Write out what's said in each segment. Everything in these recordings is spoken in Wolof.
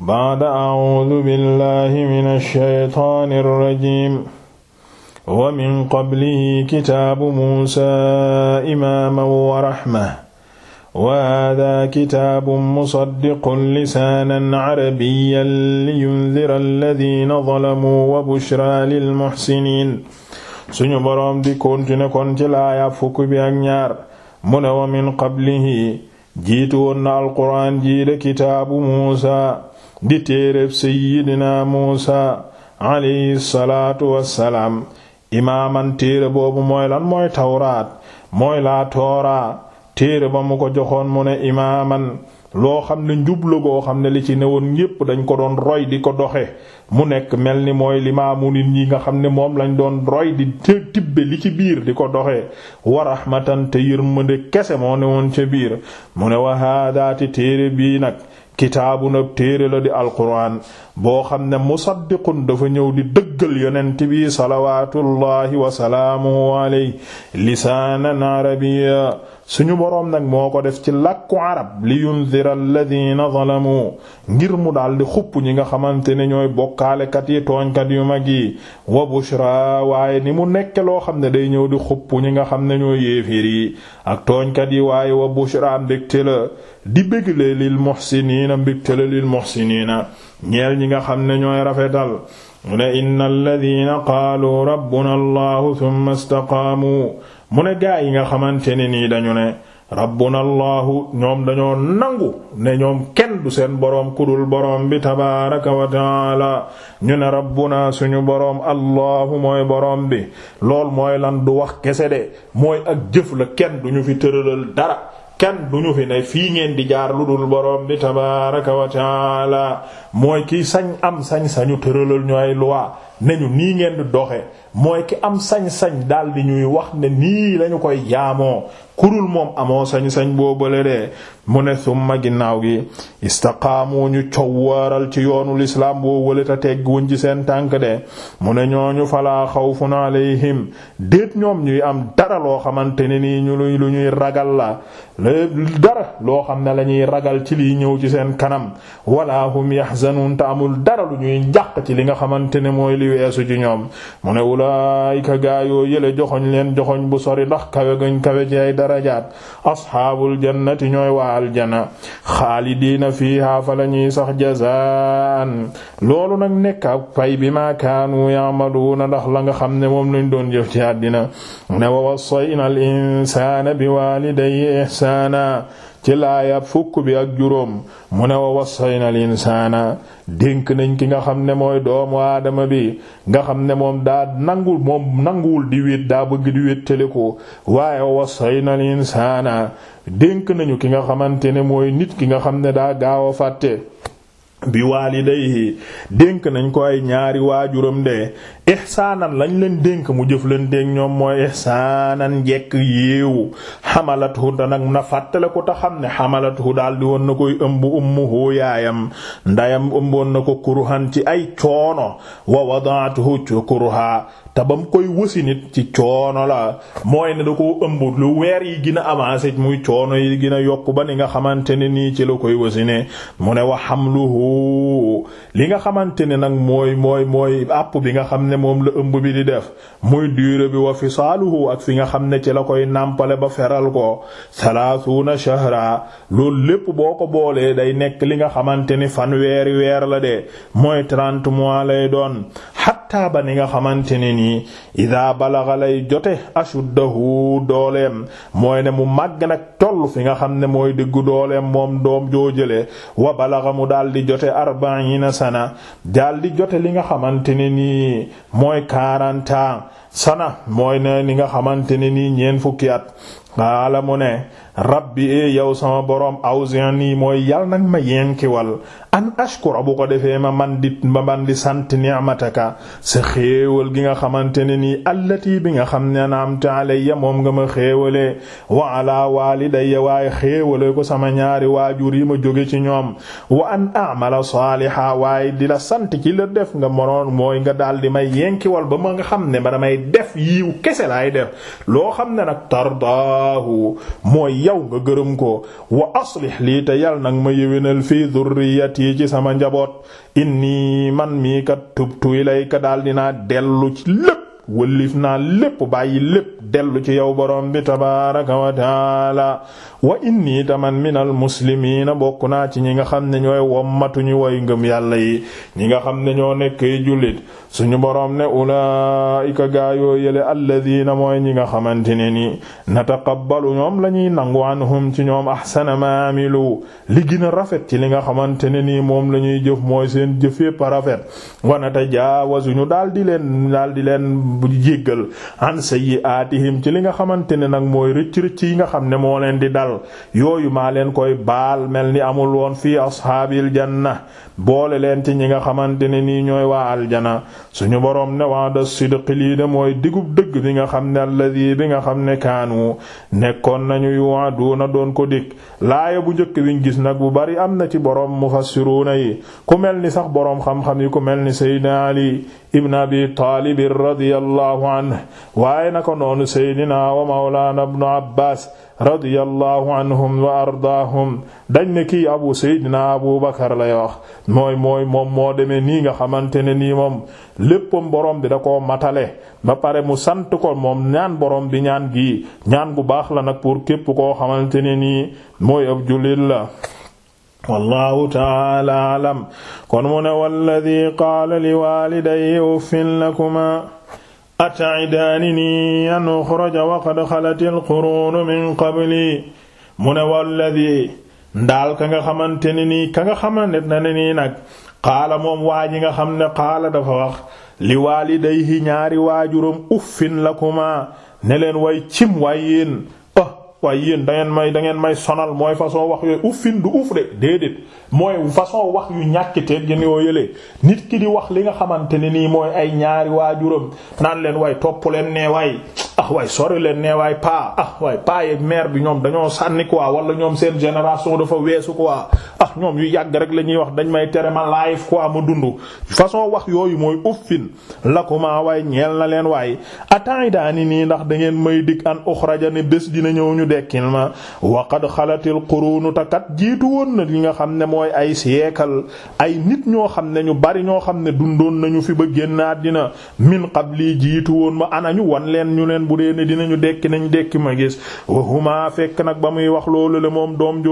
baada acuudu billahi min alshaytaan alrajim wa min qablihi kitaabu muusa imaaman wa raxma wa haadaa kitaabun musaddiqun lisaanan carabiyyan liyundira alladiina dalamuu wa bushraa lilmuxsiniin suñu boroom di kontine kon ci laaya fukk bi ak ñaar mu ne wa min qablihi jiitu woon na alquraan jiide kitaabu muusa di téereb sayyidina Muusa alayhi salaatu wassalaam imaaman téere boobu mooy lan mooy tawraat mooy laa tooraa téere ba mu ko joxoon mu ne imaaman loo xam ne njublu goo xam ne li ci newoon yépp dañ ko doon roy di ko doxe mu nekk mel ni mooy limaamu nit ñi nga xam ne moom lañ doon roy di tibbe li ci biir di ko doxe wa rahmatan te yërmande kese moo woon ca biir mu ne wa haadaati téere bii nag kitaabun ab téere la di alquran boo xam ne musaddiqun dafa ñëw di dëggal yonent bi salawaatullahi wa salaamuhu alayhi lisaanan arabiyya suñu boroom nag moo ko def ci làkku arab li yundira alladina zalamu ngir mu daal di xupp ñi nga xamante ne ñooy bokkaalekat yi tooñkat yu mag yi wa bushra waaye ni mu nekke loo xam ne day ñëw di xupp ñi nga xam ne ñooy yéeféer yi ak tooñkat yi waaye wa bushra mbégte la di bégle lil muhsiniina mbégte la lil muhsiniina ñeel ñi nga xam ne ñooy rafetal mu ne inna alladina qaalu rabbuna allahu thumma istaqaamu mu ne gaa yi nga xamante ne nii dañu ne rabbuna allahu ñoom dañoo nangu ne ñoom kenn du seen boroom kudul boroom bi tabaaraka wa taala ñu ne rabbuna suñu boroom allahu mooy boroom bi lool mooy lan du wax kese de mooy ak jëfla la kenn duñu fi tëralal dara kenn duñu fi ne fii ngeen di jaar lu dul borom bi tabaaraka wa taala mooy ki sañ am sañ sañu tëralal ñu ay ne ñu nii ngeen di doxe mooy ki am sañ-sañ daal di ñuy wax ne nii lañu koy jaamoo kurul moom amoo sañ-sañ boobale de mu ne summa ginnaaw gi istaqaamu ñu cowwaaral ci yoonu lislaam boo wëlata tegg wuñ ci seen tànk de mu ne ñu falaa xawfun alayhim déet ñoom ñuy am dara loo xamante ne nii ñu lu ñuy ragal la dara loo xam ne la ragal ci liy ñëw ci seen kanam walla hum yahzanun te amul dara lu ñuy njàq ci li nga xamante ne mooy li weesu ci ñoom ulaayika gaayoo yële joxoñ leen joxoñ bu sori ndax kawe gañ kawe ci ay darajaat asxaabul jannati ñooy waa aljana xaalidiina fiihaa fa la ñuy sax jazaan loolu nag nekk ak pay bi ma kaanu yaamaluuna ndax la nga xam ne moom lañ doon jëf ci àddina ne wa wassayna al bi waalidayhi ihsaana ci laaya fukk bi ak juróom mu ne wa wasaynal insaana dénk nañ ki nga xam ne mooy doomu aadama bi nga xam ne moom daa nangul moom nanguwul di wét daa bëgg di wéttaliku waaye wa wasaynal insaana dénk nañu ki nga xamante ne mooy nit ki nga xam ne daa gaaw a fàtte bi waalidayhi dénk nañ ko ay ñaari waajuram de ihsaanan lañ leen dénk mu jëf jëflanteek ñoom mooy ihsaanan njekk yéewu xamalatu da nag fàttale ko te xam ne xamalatu daal di woon na koy ëmb ummuhu yaayam ndayam ëmboon na ko kurhan ci ay coono wa wadaatuhu kurha te ba mu koy wësi nit ci coono la mooy ne da koo ëmb lu weer yi gën avancé muy coono yi gën a yokk ba ni nga xamante ne nii ci la koy wësi mu ne wa hamluhu li nga xamante ne nag mooy mooy mooy àpp bi nga xam ne moom la ëmb bi di def muy durée bi wa fisaaluhu ak fi nga xam ne ci la koy nàmpale ba feral ko salaasuuna shahra loolu lépp boo ko boolee day nekk li nga xamante ni fanweeri weer la de mooy trente mois lay doon xattaa ba ni nga xamante ne nii ida balaga lay jote ashuddahu dooleem mooy ne mu màgg nag toll fi nga xam ne mooy diggu dooleem moom doom joojëlee wa balaga mu daal di jote arbaina sana daal di jote li nga xamante ne nii mooy quarante sana mooy ne li nga xamante ne nii ñeen fukki at qaala mu ne rabbi e yow sama boroom awzi'ni mooy yal nag ma yenkiwal an ashkura bu ko defee ma man di ma man di sant ni'mataka sa xéewal gi nga xamante ne nii allati bi nga xam ne an'amta ya moom nga ma xéewalee wa ala walidayya waaye xéewale ko sama ñaari waajur yi ma joge ci ñoom wa an a'mala saaliha waaye di la sant ci la def nga moroon mooy nga daal di may yenkiwal ba ma nga xam ne ma damay def yiiw kese laay def loo xam ne tardaahu yow nga gërëm ko wa aslih lii te yal nag ma yéwénal fii durriyati ci sama njaboot inni man mii kat tubtu ilayka daal dinaa dellu ci lépp wëllif naa lépp bàyyi lépp dellu ci yow borom bi tabaaraka wa taala wa inni taman minal muslimiina bokk naa ci ñi nga xam ne ñooy wommatuñu way ngëm yàlla yi ñi nga xam ne ñoo nekk jullit suñu boroom ne ulaa'ika gaayoo yële alladiina mooy ñi nga xamante ne ni nataqabbalu ñoom la ñuy nangu anhum ci ñoom ahsana ma amilu li gën a rafet ci li nga xamante ne nii moom lañuy ñuy jëf mooy seen jëf yépp a rafet wa natajawazu ñu daal di leen daal di leen bu jéggal an sayyi'aatihim ci li nga xamante ne nag mooy rëcc-rëcc yi nga xam ne moo leen di dal yooyu maa leen koy baal mel ni amul woon fii ashaabil janna boole leen ci ñi nga xamante ne nii ñooy waa aljana suñu boroom ne wa'da sidqi lii de mooy digub dëgg bi nga xam ne alladhi bi nga xam ne kaanu nekkoon nañu yu'aduna doon ko dik laaya bu njëkk biñ gis nag bu bari am na ci boroom mufassiruna yi ku mel ni sax boroom xam-xam yi ku mel ni sayyidina ibn abi taalib radiyallahu anhu waaye ko noonu seydina wa mawlaana ibnu abbaas radiyallahu anhum wa ardaahum dañ ne kii abu seydina abu bakar lay wax mooy mooy moom moo demee nii nga xamante ne nii moom léppam borom bi da koo matale ba pare mu sant ko moom ñaan borom bi ñaan gi ñaan gu baax la nag pour képp koo xamante ne nii mooy ab jullit la wallahu taala alam kon mu ne walladi qaala liwaalidayhi uffin lakumaa ata'idaanini an uxraja waqad xalat alquruunu min qabli mu ne ndaal ka nga xamante ne nii ka nga xamante ne nii nag qaala moom waa ji nga xam ne qaala dafa wax liwaalidayhi ñaari waajuram uffin lakumaa ne leen way cim waay waaye yéen da ngeen may da ngeen may sonal mooy façon wax yooyu uffin du uf de déedéet mooy façon wax yu ñàkkiteeg yéen yoo yële nit ki di wax li nga xamante ne nii mooy ay ñaari waajuram naan leen waay topp leen nee waaye ah waay sori leen nee waaye paa ah waay paa yeeg mère bi ñoom dañoo sànni quoi wala ñoom seen génération dafa weesu ko ah sax ñoom yu yàgg rek la ñuy wax dañ may tere ma live quoi ma dund façon wax yooyu mooy uffin lakuma waaye ñeel na leen waaye ata'idaani nii ndax dangeen may dig an uxraja ne bés dina ñëw ñu dekkil ma wa qad xalatil qurunu takat jiitu woon na li nga xam ne mooy ay siècle ay nit ñoo xam ne ñu bari ñoo xam ne dundoon nañu fi ba génnaat dina min lii jiitu woon ma anañu wan leen ñu leen bu dee ne ñu dekki nañ dekki ma gis wa fekk nag ba muy wax loolu le moom doom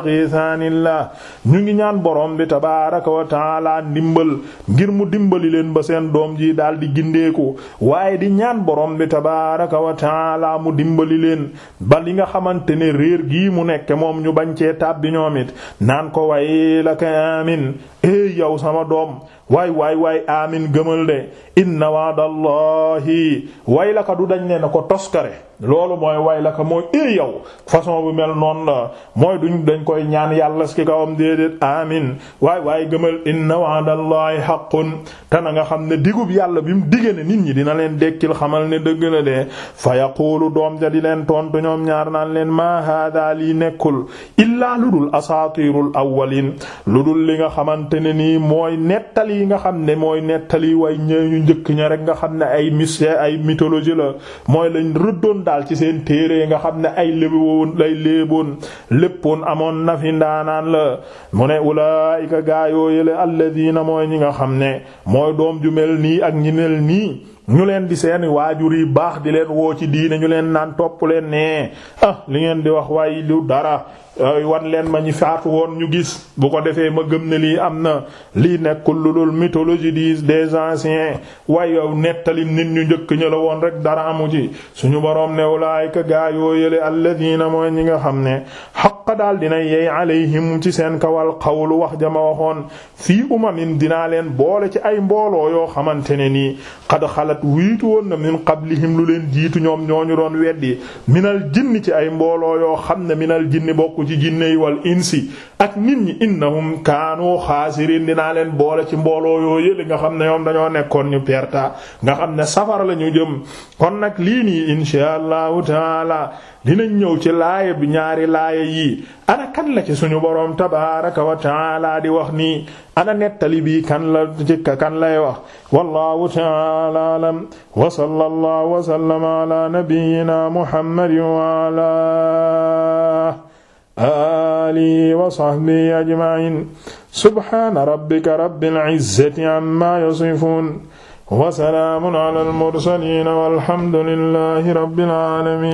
yastaghithanillah ñu ngi ñaan boroom bi tabaaraka wa taala ndimbal ngir mu dimbali leen ba seen doom ji daal di gindeeku waaye di ñaan boroom bi tabaaraka wa taala mu dimbali leen ba li nga xamante ne réer gii mu nekk moom ñu bañ cee tàbbi ñoom naan ko way la ka amin eh yow sama doom waay waay waay amin gëmal de inna waadallahi way la ka du dañ ne na ko toskare loolu mooy way la ka mooy éy eh, yow façon bu mel noon la mooy duñ dañ koy ñaan yàlla si kawam déedéet amin waay waay gëmal inna waadallahi haqqun te na nga xam ne digub yàlla bi mu digée ne nit ñi dina leen dekkil xamal ne dëgg la de fa yaqulu doom ja di leen tontu ñoom ñaar naan leen ma hada lii nekkul illaa lu dul asatirul awwalin lu dul li nga xamante ne nii mooy nettali yi nga xam ne mooy nettali way ñu njëkk ña rek nga xam ne ay mystère ay mythologie la mooy lañ rëddoon daal ci seen téere nga xam ne ay léboon lay léeboon léppoon amoon na fi ndaanaan la mu ne ulaayika gaayoo yële alladina mooy ñi nga xam ne mooy doom ju mel nii ak ñi nii ñu leen di seen waajur yi baax di leen woo ci diine ñu leen naan topp leen nee ah li ngeen di wax waaye lu dara wan leen ma ñi faatu woon ñu gis bu ko defee ma gëm ne lii am na lii nekkul lu dul mythologie des anciens waaye yow nettalin nit ñu njëkk ñu la woon rek dara amu ci suñu boroom laay ulaayika gaa yoo yële alladina mooy ñi nga xam ne xaqa daal dinay yey alayhim ci seen kawal xawlu wax jama waxoon fii umamin dinaa leen boole ci ay mbooloo yoo xamante ne nii xad xalat wiitu woon na min qablihim lu leen jiitu ñoom ñooñu doon weddi minal jinni ci ay mbooloo yoo xam ne minal jinni bokku ci jinne yi wal insi ak nit ñi innahum kaanu xaasiriin dinaa leen boole ci mbooloo yoo yële nga xam ne ñoom dañoo nekkoon ñu perta nga xam ne safara la ñu jëm kon nag lii insha allahu taala dinañ ñëw ci laaya bi ñaari laaya yii ana kan la ci suñu boroom tabaaraka wa taala di wax nii ana nettali bii kan la ci kan lay wax wallahu taala alam wa sallallahu wa sallama ala nabiyyina muhammadin wa ala alihi wa sahbihi ajma'in subhana rabbika rabbil izzati amma yasifun wa salaamun ala al mursalin walhamdulillahi rabbil alamin